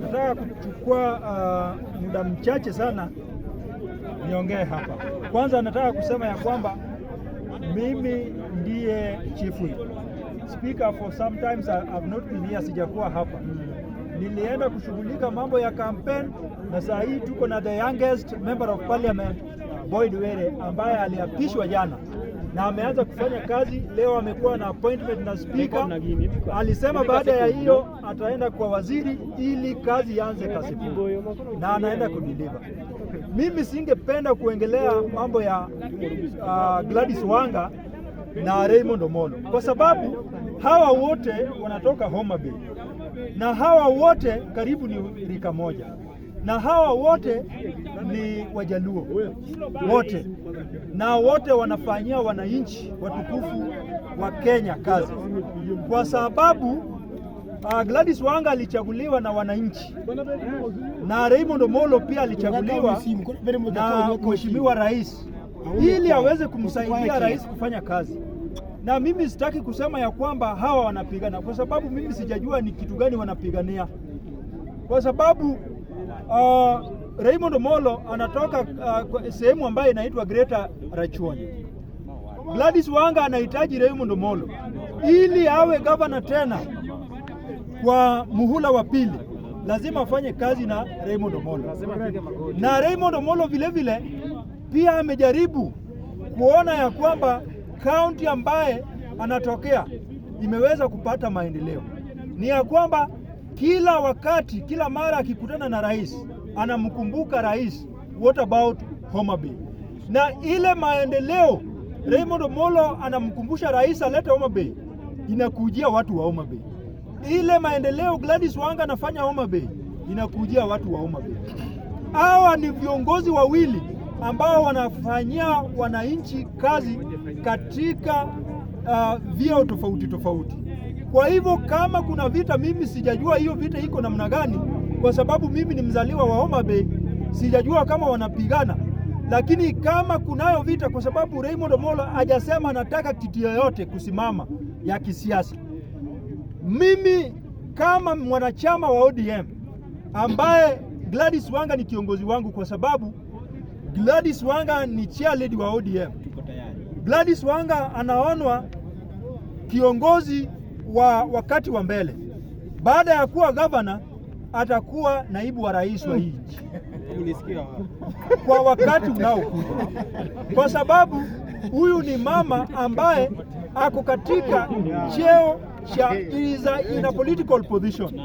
Nataka kuchukua uh, muda mchache sana niongee hapa. Kwanza nataka kusema ya kwamba mimi ndiye chief speaker for sometimes I have not been here, sijakuwa hapa. Nilienda kushughulika mambo ya campaign na saa hii tuko na the youngest member of parliament Boyd Were ambaye aliapishwa jana na ameanza kufanya kazi leo. Amekuwa na appointment na spika, alisema baada ya hiyo ataenda kwa waziri ili kazi ianze kasiku, na anaenda kudiliva. Mimi singependa kuengelea mambo ya uh, Gladys Wanga na Raymond Omolo kwa sababu hawa wote wanatoka Homa Bay na hawa wote karibu ni rika moja na hawa wote ni Wajaluo wote, na wote wanafanyia wananchi watukufu wa Kenya kazi, kwa sababu uh, Gladys Wanga alichaguliwa na wananchi na Raymond Omolo pia alichaguliwa na mheshimiwa rais ili aweze kumsaidia rais kufanya kazi na mimi sitaki kusema ya kwamba hawa wanapigana, kwa sababu mimi sijajua ni kitu gani wanapigania, kwa sababu uh, Raymond Molo anatoka uh, sehemu ambayo inaitwa Greater Rachuonyi. Gladys Wanga anahitaji Raymond Molo ili awe gavana tena kwa muhula wa pili, lazima afanye kazi na Raymond Molo. Na Raymond Molo vilevile pia amejaribu kuona ya kwamba kaunti ambaye anatokea imeweza kupata maendeleo, ni ya kwamba kila wakati, kila mara akikutana na rais anamkumbuka rais. What about Homa Bay? Na ile maendeleo Raymond Omolo anamkumbusha rais alete Homa Bay inakujia watu wa Homa Bay. Ile maendeleo Gladys Wanga anafanya Homa Bay inakujia watu wa Homa Bay. Hawa ni viongozi wawili ambao wanafanyia wananchi kazi katika uh, vyeo tofauti tofauti. Kwa hivyo kama kuna vita, mimi sijajua hiyo vita iko namna gani, kwa sababu mimi ni mzaliwa wa Homa Bay, sijajua kama wanapigana. Lakini kama kunayo vita, kwa sababu Raymond Omolo hajasema anataka kitu yoyote kusimama ya kisiasa. Mimi kama mwanachama wa ODM ambaye Gladys Wanga ni kiongozi wangu, kwa sababu Gladys Wanga ni cheerleader wa ODM. Gladys Wanga anaonwa kiongozi wa wakati wa mbele. Baada ya kuwa gavana, atakuwa naibu wa rais wa hii nchi kwa wakati unaokuja, kwa sababu huyu ni mama ambaye ako katika cheo cha is in a political position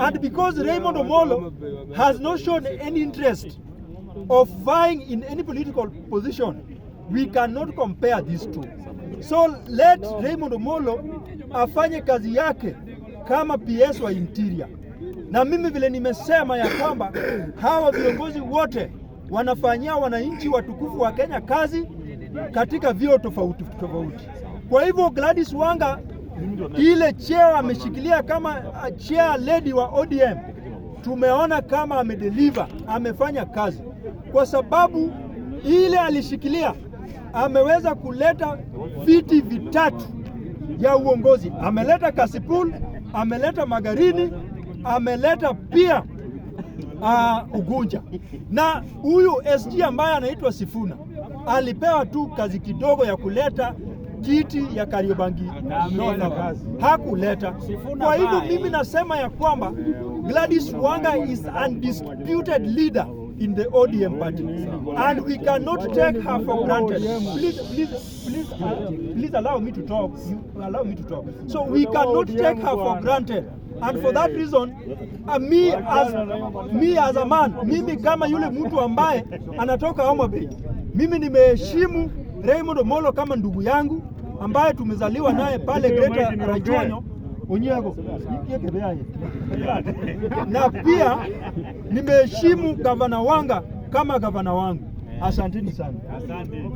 and because Raymond Omolo has not shown any interest of vying in any political position we cannot compare these two. So let Raymond Omollo afanye kazi yake kama PS wa interior, na mimi vile nimesema ya kwamba hawa viongozi wote wanafanyia wananchi watukufu wa Kenya kazi katika vio tofauti tofauti. Kwa hivyo Gladys Wanga ile cheo ameshikilia kama chair lady wa ODM, tumeona kama amedeliver, amefanya kazi, kwa sababu ile alishikilia ameweza kuleta viti vitatu ya uongozi. Ameleta Kasipul, ameleta Magarini, ameleta pia uh, Ugunja. Na huyu SG ambaye anaitwa Sifuna alipewa tu kazi kidogo ya kuleta kiti ya Kariobangi hakuleta. Kwa hivyo mimi nasema ya kwamba Gladys Wanga is undisputed leader in the ODM party. And we cannot take her for granted. Please, please, please, uh, please allow me to talk. You allow me to talk. So we cannot take her for granted. And for that reason, uh, me, as, me as a man, mimi kama yule mtu ambaye anatoka Homa Bay, mimi nimeheshimu Raymond Omolo kama ndugu yangu ambaye tumezaliwa naye pale Greater Rajonyo. Onyago yekebeaye na pia nimeheshimu gavana Wanga kama gavana wangu. Asanteni sana. Asante.